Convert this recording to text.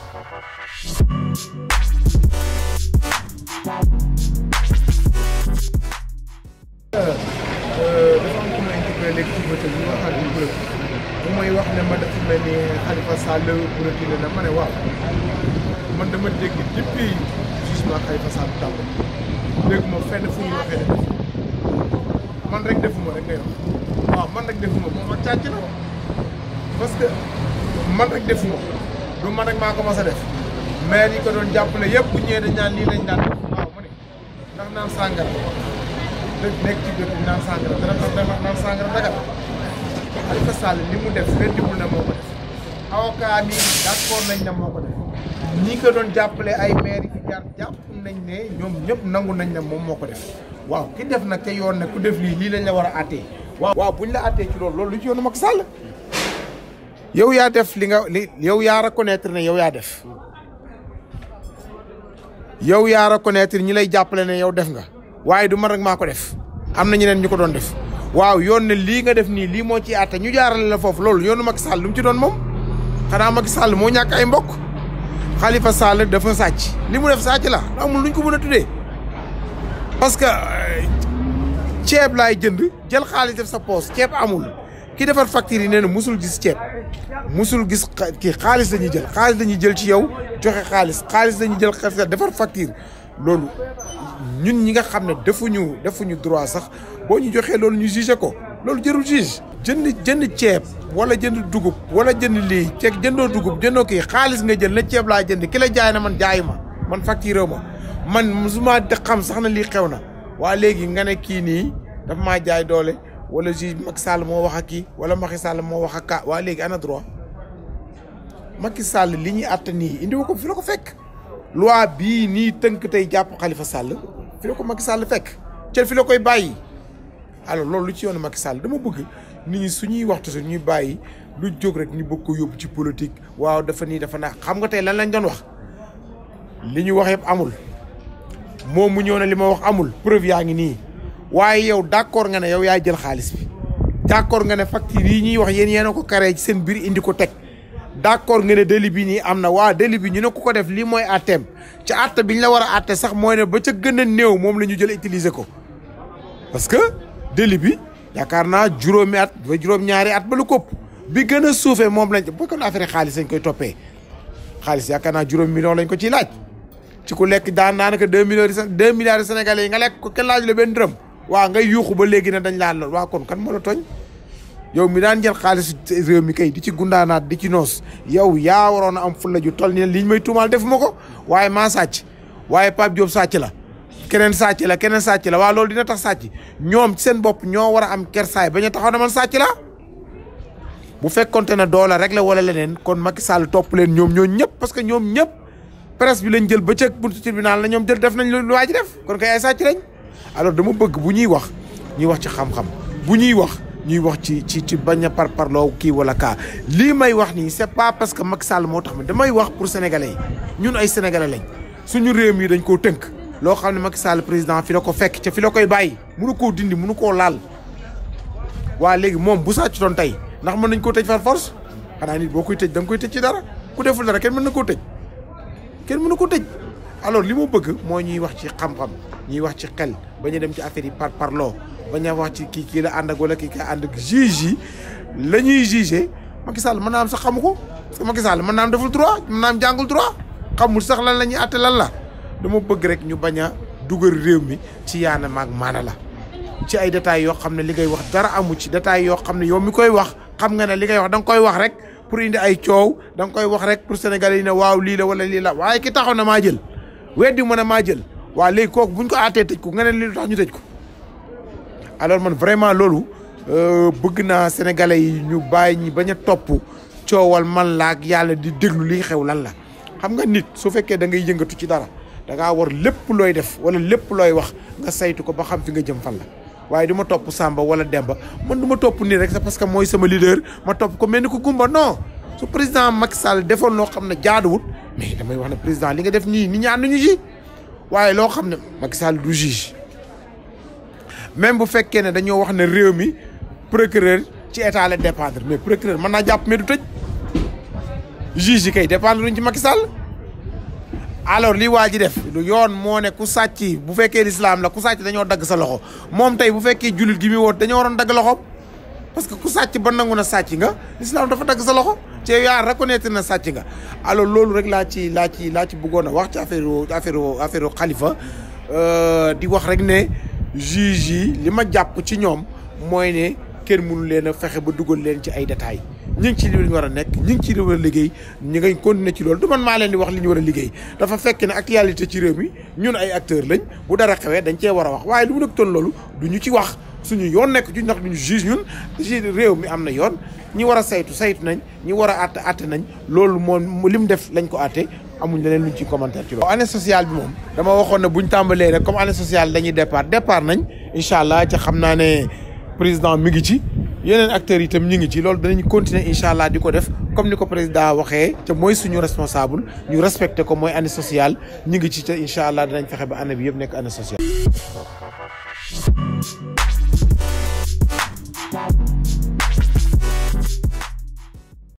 dafa am ku ma intégré léegi ci vote bi ma xam ne kuréel bu may wax ne ma dafa mel ni Khalifa Sall bu retiré na ma ne waaw man dama dégg depuis jugement Khalifa Sall tàmm dégg ma fenn fu ñu waxee man rek defuma rek ngay man rek defuma moom man càcc na parce que man rek defuma lu man ak maa ko mas a def maire yi ko doon jàppale yëpp bu ñëwee dañ naan lii lañ daan def waaw mu ne ndax naan sàngara dëgg nekk ci dëkk bi li mu def weddiwul na moo ko def avocat yi d'accord nañ na moo ko def ñii ko doon jàppale ay maire yi jaar jàpp nañ ne ñoom ñëpp nangu nañ ne moom moo ko def waaw ki def nag ca yoon ne ku def lii lii lañ la war a àttee waaw buñ la àttee ci loolu loolu lu ci yoonu Macky Sall yow yaa def li nga li yow yaa reconnaître ne yow yaa def yow yaa ñi lay jàppale ne yow def nga waaye du man rek maa ko def am na ñeneen ñu ko doon def waaw yoon ne lii nga def nii lii moo ciy àtte ñu jaarale la foofu loolu yoonu Macky Sall lu mu ci doon moom xanaa Macky sàll moo ñàkk ay mbokk Khalifa Sall dafa sàcc li mu def sàcc la amul luñ ko mën a tuddee parce que euh, ceeb laay jënd jël xaalis def sa poos ceeb amul ki defar facture neena musul gis ceeb musul gis ki xaliss lañuy jël xaliss lañuy jël ci yow joxe xaliss xaliss lañuy jël xaalis defar facture loolu ñun ñi nga xam ne defuñu defuñu droit sax bo ñu joxe loolu ñu juger ko loolu jërul juge jënd jënd ciep wala jënd dugub wala jënd li ceeb jëndo dugub jëndo ki xaliss nga jël la ciep la jënd ki la jaay na man jaay man facture ma man musuma de xam sax na li xewna wa waa nga ne ki ni daf ma jaay doole wala juge Macky sàll moo wax ak kii wala Macky sàll moo wax ak kaa waa léegi ana droit Macky Sall li ñuy àtte nii indiwu ko fi la ko fekk loi bii nii tënk tey jàpp xalifa sàll fi la ko Macky sàll fekk cër fi la koy bàyyi alors loolu lu ci yoonu Macky Sall dama bëgg nit ñi suñuy waxtu su ñuy bàyyi lu jóg rek ñu bëgg ko yóbbu ci politique waaw dafa nii dafa naa xam nga tey lan lañ doon wax li ñu wax yëpp amul moom mu ñëw na li ma wax amul preuve yaa ngi nii waye yow d'accord nga ne yow ya jël xaliss bi d'accord nga ne facture yi ñi wax yeen yéen ko carré ci seen bir indi ko tek d'accord nga ne délit bi nii amna wa waa délit bi ñu ne ko ko def li moy atem ci atte biñ la wara atte sax moy ne ba ca gëna neew mom lañu jël utiliser ko parce que délit bi yaakaar naa juróomi at ba juróom-ñaari at ba lu kopp bi gëna soufé mom lañ ba kon affaire xaliss lañ koy topé xaliss yaakaar naa juróom million lañ ko ci laaj ci ku lek daan daanaka 2 milliards 2 milliards sénégalais nga lek ko kenn laaj le ben dërëm waa ngay yuuxu ba léegi ne dañ laa lool waa kon kan moo la tooñ yow mi daan jël xaalis réew mi kay di ci gundaanaat di ci noos yow yaa waroon a am fulla ju toll ni liñ may tuumaal def ma ko waaye maa sàcc waaye Pape Diop sàcc la keneen sàcc la keneen sàcc la waa loolu dina tax sàcc ñoom seen bopp ñoo war a am kersaay bañ a taxaw na man sàcc la bu fekkonte na doola rek la wala leneen kon Macky Sall topp leen ñoom ñoo ñëpp parce que ñoom ñëpp presse bi lañ jël bëccëg buntu tribunal la ñoom jël def nañ lu waaj def kon kay ay sàcc lañ alors dama bëgg bu ñuy wax ñuy wax ci xam-xam bu ñuy wax ñuy wax ci ci ci bañ a parparloo kii wala kaa lii may wax nii c'est pas parce que Macky Sall moo tax ma damay wax pour sénégalais yi ñun ay sénégale lañ suñu réew mii dañ koo tënk loo xam ne mag Sall président fi la ko fekk ca fi la koy bàyyi mënu koo dindi mënu koo laal waa léegi moom bu sàcc doon tey ndax mën nañ koo tëj par force xanaa nit boo koy tëj danga koy tëj ci dara ku deful dara kenn mën na koo tëj kenn mën na koo tëj alors limu bëgg mooy ñuy wax ci xam-xam ñuy wax ci xel bañu dem ci affaire yi par parlo bañu wax ci ki ki la and ak wala ki ka and ak juge la ñuy jugé Macky Sall mën naa sax xamu ko parce que Macky Sall mën naa deful droit mën naa am droit xamul sax lan lañuy atté lan la dama bëgg rek ñu baña duggal réew mi ci yaana maag mana la ci ay détails yo xam wax dara amu ci détails yo yow mi koy wax xam nga ne li wax dang koy wax rek pour indi ay ciow dang koy wax rek pour Sénégalais yi ne waaw la wala li la waye ki taxaw na ma jël weddi mën a maa jël waa léegi kooku buñ ko aatee tëj ko nga ne li tax ñu tëj ko alors man vraiment loolu euh, bëgg naa sénégalais yi ñu bàyyi ñi bañ a topp coowal man la yàlla di déglu liy xew lan la xam nga nit su fekkee da ngay yëngatu ci dara da ngaa war lépp looy def wala lépp looy wax nga saytu ko ba xam fi nga jëm fan la waaye du topp Samba wala Demba man du ma topp nii rek c'est parce que mooy sama leader ma topp ko mel ni ko gumba non su président Macky Sall defoon loo xam ne jaaduwul mais damay wax ne président li nga def nii ni ñaan nañu ji waaye loo xam ne Macky du juge même bu fekkee ne dañoo wax ne réew mi procureur ci état la dépendre mais procureur mën naa jàpp mais du tëj juge yi kay dépendre luñ ci Macky Sall li waa ji def lu yoon moo ne ku sàcc bu fekkee lislaam la ku sàcc dañoo dagg sa loxo moom tey bu fekkee jullit gi muy woot dañoo waroon dagg loxoom parce que ku sàcc ba nangu na sàcc nga lislaam dafa dagg sa loxo ci yaa reconnaître na sàcc nga alors loolu rek laa ci laa ci laa ci bëggoon a wax ci affaire affaire affaire xalifa euh, di wax rek ne juge yi li ma jàpp ci ñoom mooy ne kenn leen a fexe ba dugal leen ci ay détails ñu ngi ci war a nekk ñu ngi ci li war a liggéey ñu ngay continuer ci loolu du man maa leen di wax li ñu war a liggéey dafa fekk ne ak actualité ci réew mi ñun ay acteurs lañ bu dara xewee dañ cee war a wax waaye lu mu nekk toon loolu du ñu ci wax suñu yoon nekk ci ndax duñu juge ñun réew mi am na yoon ñi war a saytu saytu nañ ñi war a àtte àtte nañ loolu moom li mu def lañ ko àtte amuñ leneen luñ ci commentaire ci loolu. année sociale bi moom dama waxoon ne buñ tàmbalee rek comme année sociale dañuy départ départ nañ incha allah ca xam naa ne président mi ngi ci yeneen acteurs itam ñu ngi ci loolu danañ continuer incha allah di ko def comme ni ko président waxee te mooy suñu responsable ñu respecté ko mooy année sociale ñu ngi ci ca incha allah danañ fexe ba année bi yëpp nekk année sociale.